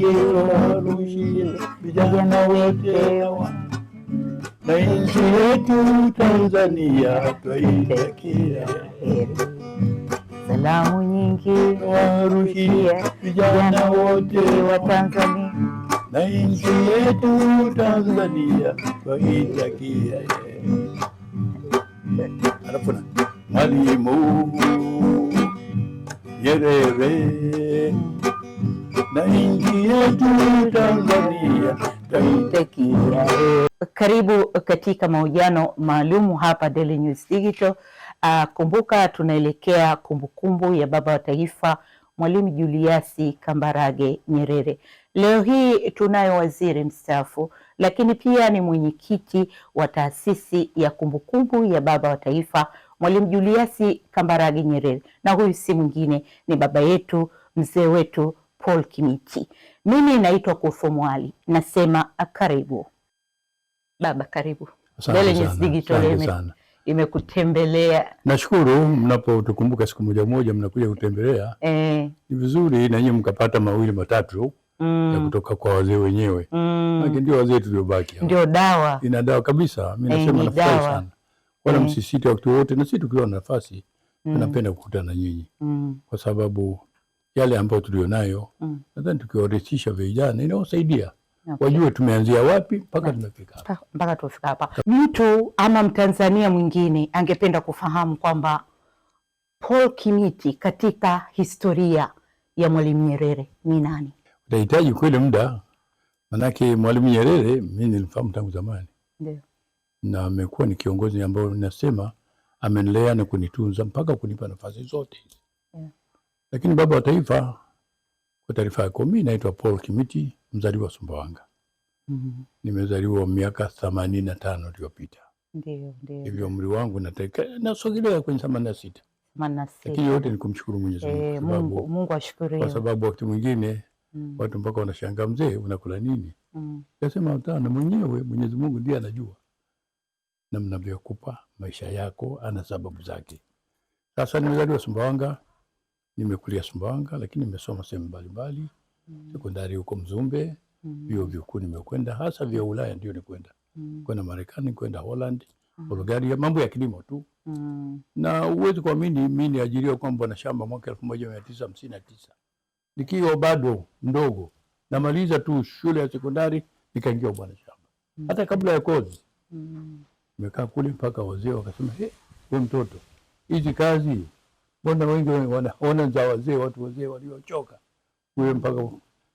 tungewarushia vijana wote na nchi yetu Tanzania twaitakia heri. Salamu nyingi warushia vijana wote wa Tanzania na nchi yetu Tanzania twaitakia heri. Mwalimu Nyerere karibu katika mahojiano maalumu hapa Daily News Digital. Uh, kumbuka tunaelekea kumbukumbu ya baba wa taifa Mwalimu Juliasi Kambarage Nyerere. Leo hii tunayo waziri mstaafu, lakini pia ni mwenyekiti wa taasisi ya kumbukumbu ya baba wa taifa Mwalimu Juliasi Kambarage Nyerere, na huyu si mwingine ni baba yetu mzee wetu Paul Kimiti. Mimi naitwa Kusomwali, nasema karibu baba, karibu Digital imekutembelea. Nashukuru mnapotukumbuka siku moja moja mnakuja kutembelea eh. Ni vizuri na nyinyi mkapata mawili matatu mm. ya kutoka kwa wazee wenyewe mm. Lakini ndio wazee tuliobaki, ndio dawa, ina dawa kabisa. Mimi nasema eh, nafurahi sana, wala eh. msisite wakati wote, na sisi tukiwa na nafasi tunapenda mm. kukutana na nyinyi mm. kwa sababu yale ambayo tulionayo mm. Nadhani tukiwarithisha vijana inaosaidia okay. Wajue tumeanzia wapi mpaka tumefika mpaka tumefika hapa. Mtu ama Mtanzania mwingine angependa kufahamu kwamba Paul Kimiti katika historia ya Mwalimu Nyerere ni nani? Utahitaji kweli muda, manake Mwalimu Nyerere mi nilimfahamu tangu zamani, na amekuwa ni kiongozi ambayo nasema amenilea na kunitunza mpaka kunipa nafasi zote lakini baba wa taifa, kwa taarifa yako, mimi naitwa Paul Kimiti, mzaliwa wa Sumbawanga. mm -hmm. Nimezaliwa miaka themanini na tano iliyopita, ndio ndio hivyo umri wangu nasogelea kwenye themanini na sita lakini yote ni kumshukuru Mwenyezi eh, Mungu. Mungu ashukuriwe, kwa sababu wakati mwingine mm. watu mpaka wanashangaa, mzee unakula nini? mm. Nasema hapana, mwenyewe Mwenyezi Mungu ndiye anajua namna vya kupa maisha yako, ana sababu zake. Sasa nimezaliwa Sumbawanga Nimekulia Sumbawanga, lakini nimesoma sehemu mbalimbali mm. sekondari huko Mzumbe mm. vyuo vikuu nimekwenda hasa vya Ulaya ndio nikwenda mm. kwenda Marekani, kwenda Holland mm. Bulgaria, mambo ya kilimo tu mm. na uwezi kuamini, mimi niajiriwa kwa na shamba mwaka elfu moja mia tisa hamsini na tisa nikiwa bado mdogo, namaliza tu shule ya sekondari nikaingia bwana shamba mm. hata kabla ya kozi mm. nimekaa mm. kule mpaka wazee wakasema, hey, we mtoto, hizi kazi Mbona wengi wanaona za wazee, watu wazee waliochoka, wewe mpaka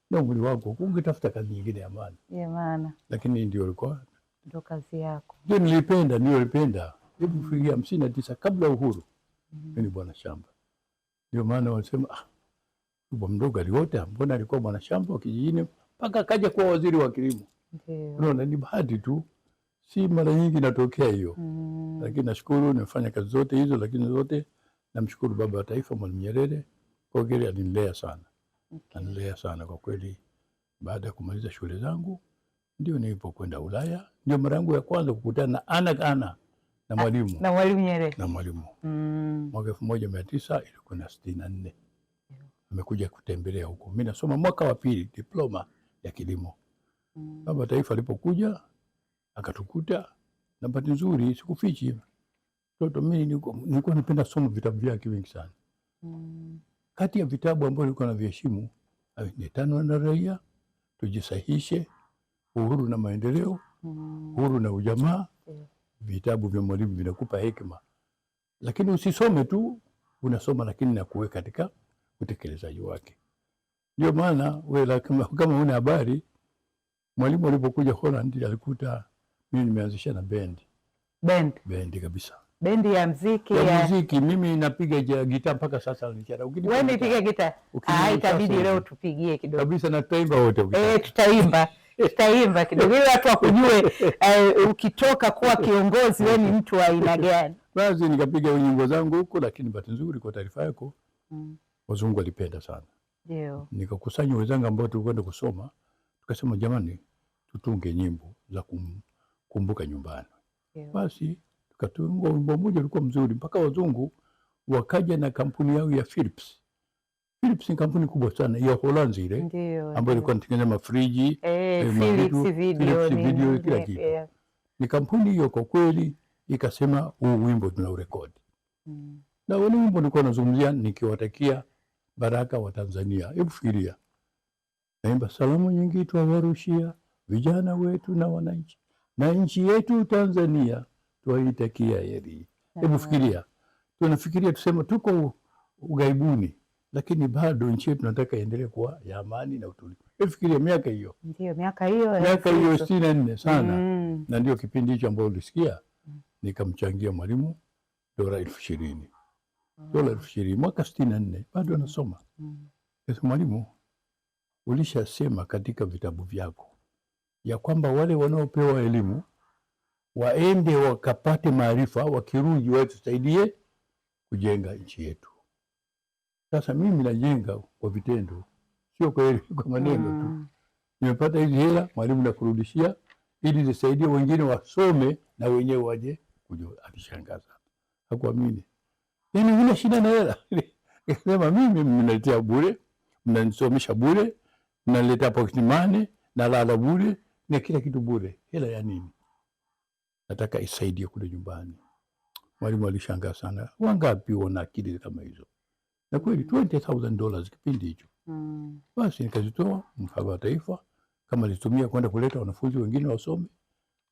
na umri wako ungetafuta kazi nyingine ya maana ya maana, lakini ndio ilikuwa ndio kazi yako. Ndio nilipenda, ndio nilipenda hebu fikia hamsini na tisa kabla uhuru mm -hmm. ni bwana shamba, ndio maana wanasema ah, bwa mdogo aliota, mbona alikuwa bwana shamba wa kijijini mpaka akaja kuwa waziri wa kilimo. Unaona, ni bahati tu, si mara nyingi natokea hiyo mm -hmm. lakini nashukuru nimefanya kazi zote hizo, lakini zote Namshukuru baba wa taifa Mwalimu Nyerere kile alinilea sana okay. Alinilea sana kwa kweli. Baada ya kumaliza shule zangu ndio nilipokwenda Ulaya, ndio mara yangu ya kwanza kukutana na ana ana na ah, mwalimu na mwalimu Nyerere na mwalimu mm. mwaka elfu moja mia tisa ilikuwa na sitini na nne amekuja kutembelea huko, mimi nasoma mwaka wa pili diploma ya kilimo mm. Baba taifa alipokuja akatukuta, na bahati nzuri sikufichi Toto mimi nilikuwa napenda somo vitabu vyake vingi sana mm. Kati ya vitabu ambavyo nilikuwa naviheshimu ni tano na raia, tujisahishe, uhuru na maendeleo mm. uhuru na ujamaa Vitabu vya mwalimu vinakupa hekima, lakini usisome tu, unasoma lakini nakuweka katika utekelezaji wake. Ndio maana wewe kama una habari, mwalimu alipokuja Holland alikuta mimi nimeanzisha na bendi bendi bendi kabisa bendi ya mziki ya Ya... Mimi napiga gitaa mpaka sasa. Wewe nipiga gitaa? Ah, itabidi leo tupigie kidogo kabisa, na tutaimba wote eh, tutaimba tutaimba kidogo ili watu wakujue, uh, ukitoka kuwa kiongozi wewe ni mtu wa aina gani. Basi nikapiga nyimbo zangu huko, lakini bahati nzuri, kwa taarifa yako, mm. wazungu walipenda sana, ndio nikakusanya wenzangu ambao tulikwenda kusoma, tukasema jamani, tutunge nyimbo za kumkumbuka nyumbani, basi Tutunga wimbo mmoja ulikuwa mzuri mpaka wazungu wakaja na kampuni yao ya Philips. Philips ni kampuni kubwa sana ya Holanzi ile ambayo ilikuwa inatengeneza mafriji, eh, eh Philips video, video kila kitu. Ni kampuni hiyo kwa kweli ikasema huu wimbo tuna tunaurekodi. Mm. Na wale wimbo nilikuwa nazungumzia nikiwatakia baraka wa Tanzania. Hebu fikiria. Naimba salamu nyingi twawarushia vijana wetu na wananchi na nchi yetu Tanzania tuwaitakia ah. heri. Hebu fikiria, tunafikiria tusema tuko ugaibuni, lakini bado nchi yetu nataka iendelee kuwa ya amani na utulivu. Hebu fikiria miaka hiyo, ndio miaka hiyo, miaka hiyo sitini na nne sana mm. na ndio kipindi hicho ambayo ulisikia mm. nikamchangia mwalimu dola elfu ishirini ah. dola elfu ishirini mwaka sitini na nne bado anasoma mm. Mwalimu, ulishasema katika vitabu vyako ya kwamba wale wanaopewa elimu waende wakapate maarifa, wakirudi watusaidie kujenga nchi yetu. Sasa mimi najenga kwa vitendo, sio kwa maneno mm. tu. Nimepata hizi hela, mwalimu nakurudishia, ili zisaidie wengine wasome na wenyewe waje kujua. Alishangaza, hakuamini. Yaani huna shida na hela ikasema mimi mnaletea bure, mnanisomesha bure, mnaleta pocket money, nalala bure na kila kitu bure, hela ya nini? nataka isaidie kule nyumbani. Mwalimu alishangaa sana, wangapi wana akili kama hizo? Na kweli $20,000 kipindi hicho. Mm. Basi nikazitoa mfadhili wa taifa kama alitumia kwenda kuleta wanafunzi wengine wasome.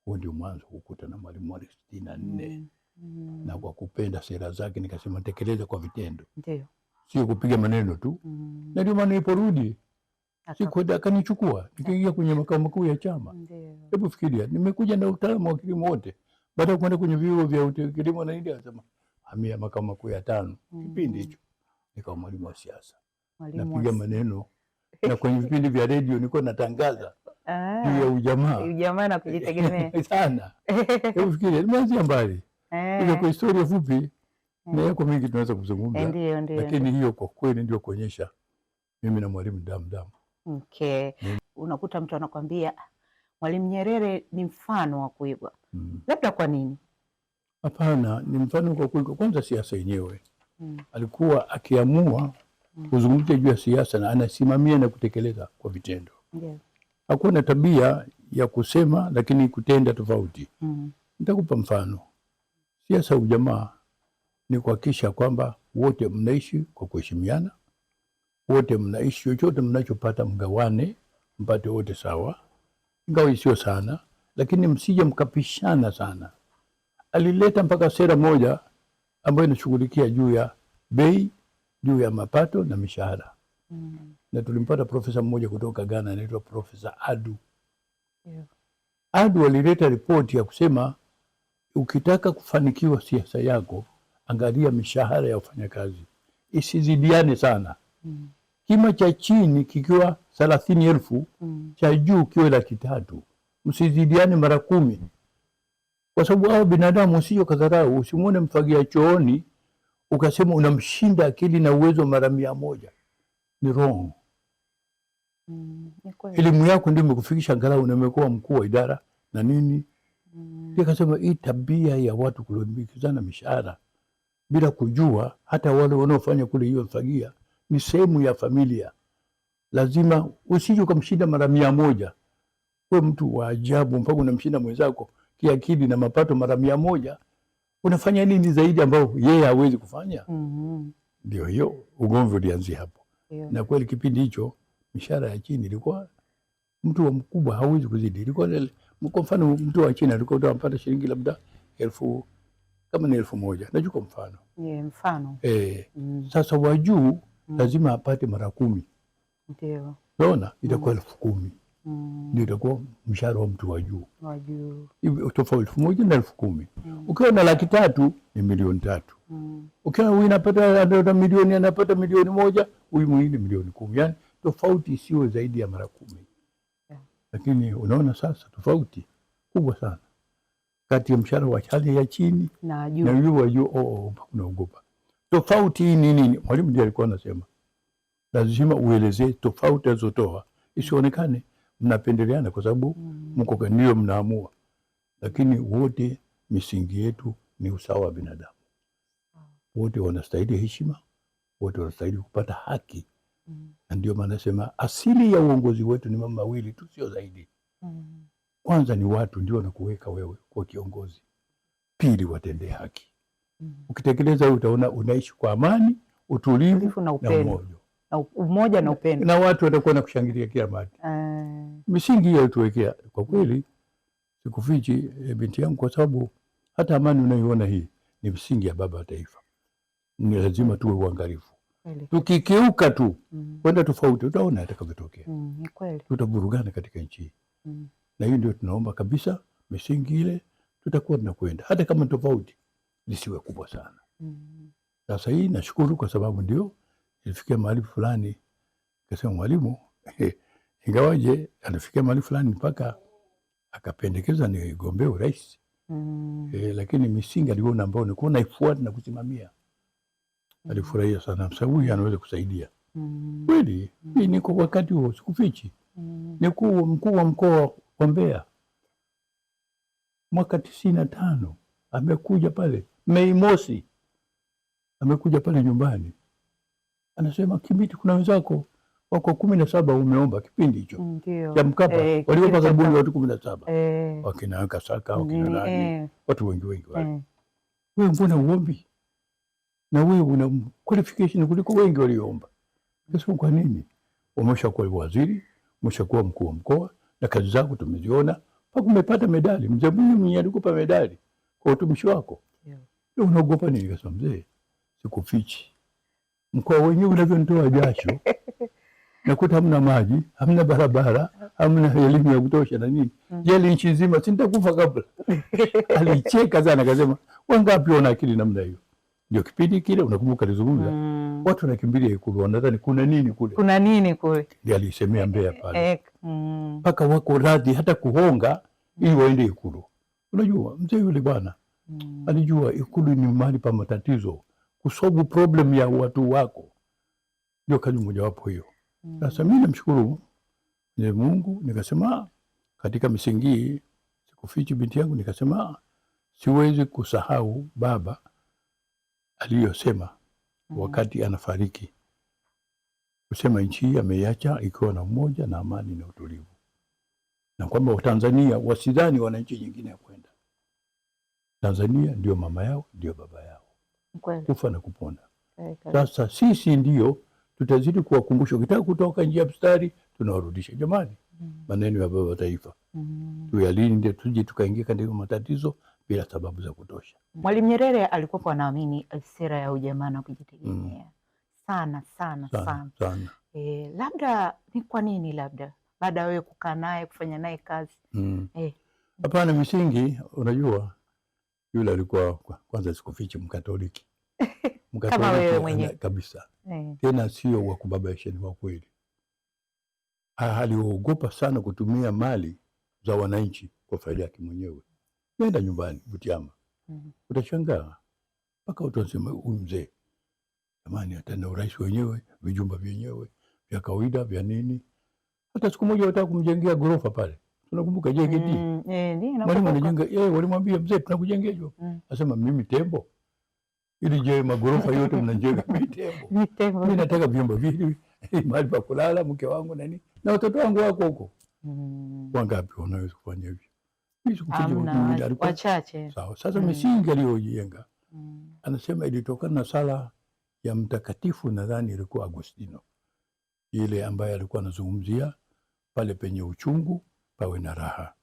Huo ndio mwanzo kukuta na Mwalimu Ali sitini na nne. Mm. mm. Na kwa kupenda sera zake nikasema tekeleza kwa vitendo, ndio sio kupiga maneno tu. Mm. Na ndio maana iporudi Sikwenda akanichukua nikaingia kwenye makao makuu ya chama. Hebu fikiria, nimekuja na utaalamu wa kilimo wote, baada ya kwenda kwenye vyuo vya kilimo na nini, akasema hamia makao makuu ya tano. Kipindi hicho nikawa mwalimu wa siasa, napiga maneno na kwenye vipindi vya redio nilikuwa natangaza ah. juu ya ujamaa, ujamaa na kujitegemea sana. Hebu fikiria, nimeanzia mbali eh. ile kwa historia fupi eh. na yako mingi tunaweza kuzungumza, eh, lakini hiyo kwa kweli ndio kuonyesha mimi na mwalimu damu damu mke mm. Unakuta mtu anakwambia Mwalimu Nyerere ni mfano wa kuigwa mm. Labda kwa nini? Hapana, ni mfano kwa kuigwa. Kwanza siasa yenyewe mm. alikuwa akiamua mm. kuzungumzia juu ya siasa na anasimamia na kutekeleza kwa vitendo yeah. Hakuwa na tabia ya kusema lakini kutenda tofauti mm. Nitakupa mfano. Siasa ya ujamaa ni kuhakikisha kwamba wote mnaishi kwa kuheshimiana wote mnaishi, chochote mnachopata mgawane, mpate wote sawa, ingawa isiyo sana, lakini msije mkapishana sana. Alileta mpaka sera moja ambayo inashughulikia juu ya bei, juu ya mapato na mishahara mm. na tulimpata profesa mmoja kutoka Ghana anaitwa Profesa Adu yeah. Adu alileta ripoti ya kusema ukitaka kufanikiwa siasa yako, angalia mishahara ya wafanyakazi isizidiane sana mm kima cha chini kikiwa thelathini elfu mm. cha juu kiwe laki tatu. Msizidiane mara kumi, kwa sababu hao binadamu usio kadharau. Usimwone mfagia chooni ukasema unamshinda akili na uwezo mara mia moja, ni wrong. Mm, elimu yako ndio imekufikisha angalau umekuwa mkuu wa idara na nini. Mm. Nikasema hii tabia ya watu kulimbikizana mishahara bila kujua, hata wale wanaofanya kule hiyo mfagia ni sehemu ya familia. Lazima usije ukamshinda mara mia moja. We mtu wa ajabu, mpaka unamshinda mwenzako kiakili na mapato mara mia moja, unafanya nini zaidi ambao yeye hawezi kufanya? Mhm. Ndio mm -hmm. hiyo Ugomvi ulianzia hapo yeah. Na kweli kipindi hicho mishahara ya chini ilikuwa mtu wa mkubwa hawezi kuzidi, ilikuwa kwa mfano mtu wa chini alikuwa anapata shilingi labda elfu kama ni elfu moja, najua kwa mfano yeah, mfano. E, mm. Sasa wa juu mm. lazima apate mara kumi, ndio naona itakuwa mm. elfu kumi mm. ndio itakuwa mshahara wa mtu wa juu wa juu, tofauti elfu moja na elfu kumi mm. ukiwa na laki tatu ni milioni tatu mm. ukiwa huyu anapata milioni anapata milioni moja, huyu mwingine milioni kumi, yani tofauti sio zaidi ya mara kumi yeah. Lakini unaona sasa tofauti kubwa sana kati ya mshahara wa hali ya chini na juu wa juu, oh, oh, oh unaogopa Tofauti hii ni nini? Mwalimu ndiye alikuwa anasema lazima uelezee tofauti alizotoa, isionekane mnapendeleana kwa sababu mm. mko ndio mnaamua, lakini wote misingi yetu ni usawa wa binadamu. Wote wanastahili heshima, wote wanastahili kupata haki mm. na ndio maana sema asili ya uongozi wetu ni mambo mawili tu, sio zaidi mm. Kwanza ni watu ndio wanakuweka wewe kwa kiongozi, pili watendee haki mm. Ukitekeleza utaona unaishi kwa amani, utulivu na upendo na umoja na upendo, na na watu watakuwa na kushangilia kila mahali. mm. Misingi hiyo tuwekea kwa kweli, sikufichi eh, binti yangu, kwa sababu hata amani unayoona hii ni msingi ya baba wa taifa. Ni lazima tuwe uangalifu, tukikiuka tu mm-hmm. kwenda mm. tofauti, utaona atakavyotokea. mm, mm-hmm. tutaburugana katika nchi hii mm. na hiyo ndio tunaomba kabisa, misingi ile tutakuwa tunakwenda hata kama tofauti lisiwe kubwa sana. Mm-hmm. Sasa mm -hmm. hii nashukuru kwa sababu ndio ilifikia mahali fulani, kasema mwalimu ingawaje alifikia mahali fulani mpaka akapendekeza nigombee urais mm. E, lakini misingi aliona ambao nilikuwa naifuata na kusimamia mm-hmm. alifurahia sana, sababu huyu anaweza kusaidia kweli mm. -hmm. niko wakati huo sikufichi mm. nikuwa mkuu wa mkoa wa Mbeya mwaka tisini na tano amekuja pale Mei Mosi amekuja pale nyumbani, anasema Kibiti, kuna wenzako wako kumi na saba umeomba kipindi hicho eh, cha Mkapa e, waliomba zabuni watu kumi na saba e, wakina Kasaka wakina eh. nani e, watu wengi wengi wale e. Wewe mbona uombi na wewe una qualification kuliko wengi walioomba? Kasema kwa nini? Umeshakuwa waziri, umeshakuwa mkuu wa mkoa na kazi zako tumeziona mpaka umepata medali. Mzee Mwinyi alikupa medali kwa utumishi wako unaogopa nini? Kasa mzee, sikufichi mkoa wenyewe unavyonitoa jasho nakuta hamna maji, hamna barabara, hamna elimu ya kutosha na nini, mm. jeli nchi nzima, si kabla. Alicheka sana, akasema wangapi wana akili namna hiyo? Ndio kipindi kile unakumbuka, alizungumza mm. watu wanakimbilia Ikulu, wanadhani kuna nini kule, kuna nini kule, ndio alisemea Mbeya pale eh, mm. mpaka mm. wako radhi hata kuhonga ili mm. waende Ikulu. Unajua mzee yule bwana mm. Alijua Ikulu ni mahali pa matatizo, kusolve problem ya watu wako ndio kazi mojawapo hiyo. Mm. Sasa mm. mimi namshukuru Mwenyezi Mungu, nikasema katika misingi sikufichi binti yangu, nikasema siwezi kusahau baba aliyosema mm. wakati anafariki kusema nchi hii ameiacha ikiwa na umoja na amani na utulivu, na kwamba Watanzania wasidhani wana nchi nyingine ya kwenda Tanzania ndio mama yao, ndio baba yao, kufa na kupona. Eh, Sasa sisi ndio tutazidi kuwakumbusha, ukitaka kutoka njia mstari tunawarudisha. Jamani, mm. maneno ya baba taifa mm tuyalinde, tuje tukaingia katika matatizo bila sababu za kutosha. Mwalimu Nyerere alikuwapo anaamini eh, sera ya ujamaa na kujitegemea mm. sana sana sana, sana. sana. E, labda ni kwa nini labda baada ya wewe kukaa naye kufanya naye kazi mm. hapana mm. e. misingi unajua yule alikuwa kwanza, sikufichi Mkatoliki, Mkatoliki kabisa eh. Tena sio wa kubabaisheni, wa kweli. Aliogopa sana kutumia mali za wananchi kwa faida yake mwenyewe. Nenda nyumbani Butiama mm. utashangaa mpaka watu wanasema huyu mzee jamani, hata na urais wenyewe vijumba vyenyewe vya kawaida vya nini. Hata siku moja wataka kumjengea ghorofa pale Unakumbuka JKT? Mm, eh, mwalimu anajenga yeye walimwambia mzee tunakujengea hiyo. Mm. Asema mimi tembo. Ili je magorofa yote mnajenga mimi tembo. Mimi nataka vyumba viwili, mahali pa kulala, mke wangu nani? Na watoto wangu wako huko. Mm. Wangapi wanaweza kufanya hivyo? Mimi sikukuja kujiuliza alikuwa wachache. Sawa. Sasa mm. misingi aliyojenga. Mm. Anasema ilitokana na sala ya mtakatifu nadhani ilikuwa Agostino. Ile ambaye alikuwa anazungumzia pale penye uchungu pawe na raha,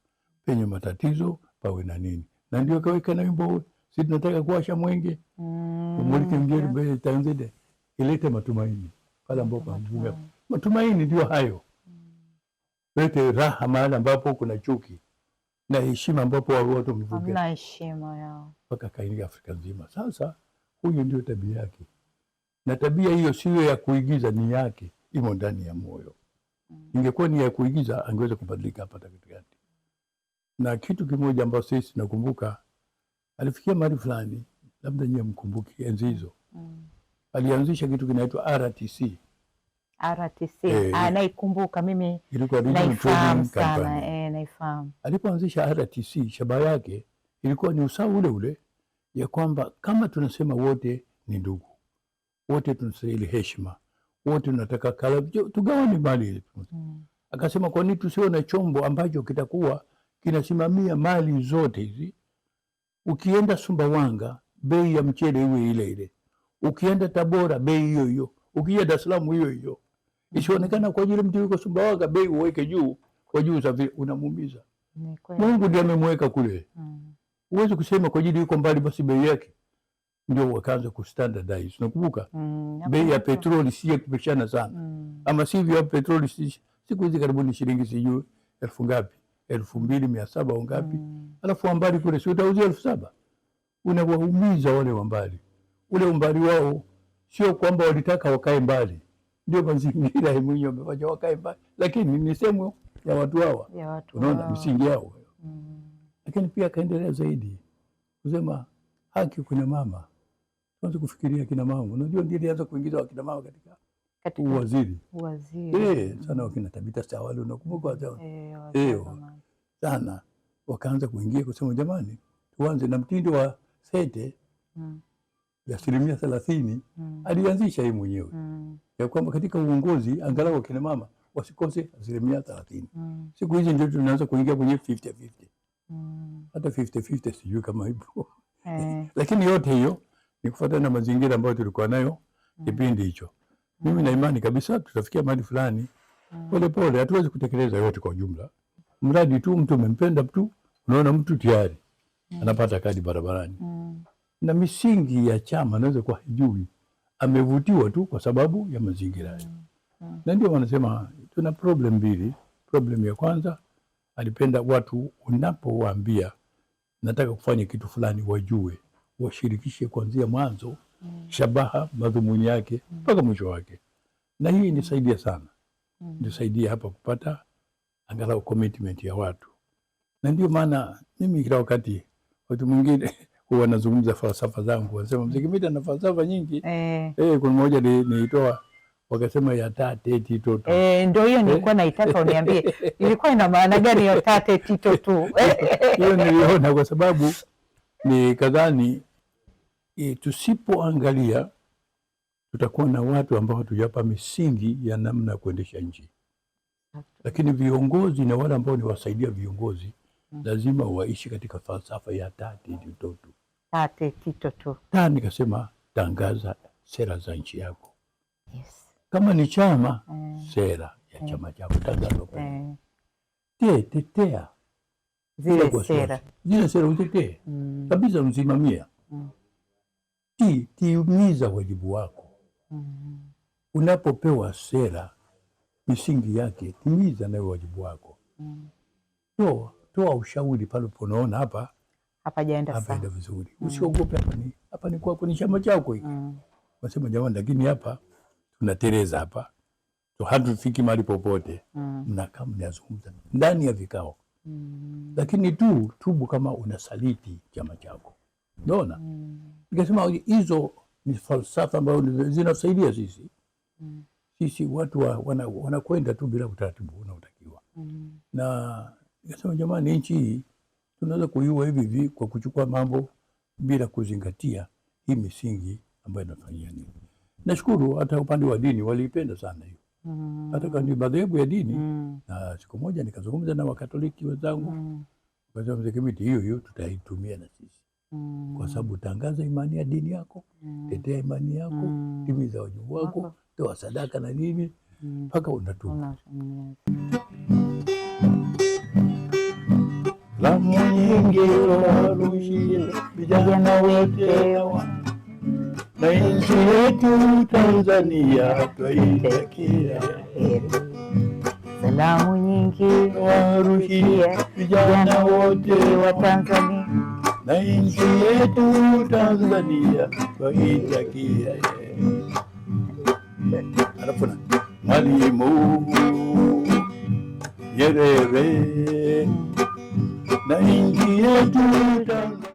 penye matatizo pawe na nini, na ndio kaweka na wimbo huu, si tunataka kuwasha mwenge mm, umulike mjeri mbele Tanzania, ilete matumaini pale ambapo hamjui. Matumaini ndio hayo, mm. lete raha mahali ambapo kuna chuki na heshima, ambapo watu mvuke na heshima yao mpaka kaingia Afrika nzima. Sasa huyu ndio tabia yake, na tabia hiyo sio ya kuigiza, ni yake, imo ndani ya moyo. Ingekuwa ni ya kuigiza, angeweza kubadilika hapa katikati. Na kitu kimoja ambacho sisi nakumbuka, alifikia mahali fulani, labda nyie mkumbuki enzi hizo mm. alianzisha kitu kinaitwa RTC. RTC eh, ah, naikumbuka mimi, naifahamu sana eh, naifahamu. Alipoanzisha RTC, shabaha yake ilikuwa ni usawa ule ule ya kwamba kama tunasema wote ni ndugu, wote tunastahili heshima wote tunataka kala, tugawane mali ile. Mm. Akasema kwa nini tusiwe na chombo ambacho kitakuwa kinasimamia mali zote hizi? Ukienda Sumbawanga bei ya mchele iwe ile ile, ukienda Tabora bei hiyo hiyo, ukija Dar es Salaam hiyo hiyo, isionekana kwa ajili mtu yuko Sumbawanga bei uweke juu kwa juu, safi, unamuumiza Mungu. Ndiye amemweka kule, mm. huwezi mm. kusema kwa ajili yuko mbali basi bei yake ndio wakaanza kustandardize. Nakumbuka mm, bei ya petroli sije kupishana sana mm. Ama sivyo ya petroli siku hizi karibuni shilingi sijui elfu ngapi elfu mbili mia saba au ngapi mm. Alafu wambali kule si utauzia elfu saba unawaumiza wale wambali. Ule umbali wao sio kwamba walitaka wakae mbali, ndio mazingira mwenyewe wamefanya wakae mbali, lakini ni sehemu ya watu hawa, unaona misingi yao mm. Lakini pia akaendelea zaidi kusema haki kwenye mama tuanze kufikiria kina mama. Unajua ndio ilianza kuingiza wakina mama katika katika uwaziri uwaziri, e, sana wakina Tabita Stawali unakumbuka wazee e, eh, eh, sana wakaanza kuingia kusema jamani, tuanze na mtindo wa sete mm. ya asilimia thelathini mm. alianzisha yeye mwenyewe mm. ya kwamba katika uongozi angalau wakina mama wasikose asilimia thelathini mm. siku hizi ndio tunaanza kuingia kwenye 50 50 mm. hata 50 50 sijui kama hivyo eh. lakini yote hiyo ni kufuatana na mazingira ambayo tulikuwa nayo mm. kipindi hicho. Mm. Mimi na imani kabisa tutafikia mahali fulani polepole. Mm. Hatuwezi kutekeleza yote kwa ujumla, mradi tu mtu umempenda mtu, unaona mtu tayari anapata kadi barabarani na misingi ya chama anaweza kuwa hajui, amevutiwa tu kwa sababu ya mazingira hayo. Na ndio wanasema tuna problem mbili. Problem ya kwanza alipenda watu, unapowaambia nataka kufanya kitu fulani, wajue washirikishe kuanzia mwanzo mm. shabaha, madhumuni yake mpaka mm. mwisho wake, na hii inisaidia sana mm. nisaidia hapa kupata angalau commitment ya watu, na ndio maana mimi kila wakati watu mwingine huwa nazungumza falsafa zangu, wanasema Mzee Kimita na falsafa nyingi eh. Eh, kuna moja nilitoa wakasema ya taa teti tu eh, ndio hiyo nilikuwa eh. naitaka uniambie ilikuwa ina maana gani ya taa teti tu hiyo niliona kwa sababu ni kadhani e, tusipoangalia tutakuwa na watu ambao hatujapa misingi ya namna ya kuendesha nchi. Lakini viongozi na wale ambao ni wasaidia viongozi mm. lazima waishi katika falsafa ya tate kitoto tate kitoto ta, nikasema tangaza sera za nchi yako yes. Kama ni chama mm. sera ya mm. chama chako tangaza mm. Eh. te tetea zile sera, zile sera utetee mm. kabisa, msimamia mm. Hii timiza wajibu wako mm. Unapopewa sera misingi yake, timiza nayo wajibu wako mm. Toa, toa ushauri pale unapoona hapa hapajaenda hapa sawa, vizuri mm. Usiogope, hapa ni hapa ni kwako, ni chama chako hiki mm. Wasema jamani, lakini hapa tunateleza hapa to hatufiki mahali popote mm. kama mnazungumza ndani ya vikao mm. Lakini tu tubu kama unasaliti chama chako, unaona mm. Nikasema hizo ni falsafa ambayo zinasaidia sisi mm. sisi watu wanakwenda wana tu bila utaratibu unaotakiwa mm. na nikasema jamani, nchi hii tunaweza kuiua hivi hivi kwa kuchukua mambo bila kuzingatia hii misingi ambayo inafanyia nini. Nashukuru hata upande wa dini waliipenda sana hiyo mm. hata kani madhehebu ya dini mm. na siku moja nikazungumza na Wakatoliki wenzangu mm. Kimiti, hiyo hiyo tutaitumia na sisi mm. kwa sababu tangaza imani ya dini yako mm. tetea imani yako mm. timiza wajibu wako, toa sadaka na nini mm. mpaka mm. unatubu Lamu nyingi lowarushile vijana wote na nchi yetu Tanzania twaitakia Salamu nyingi lowarushia vijana wote wa Tanzania na nchi yetu Tanzania waitakia alafuna na Mwalimu Nyerere na nchi yetu Tanzania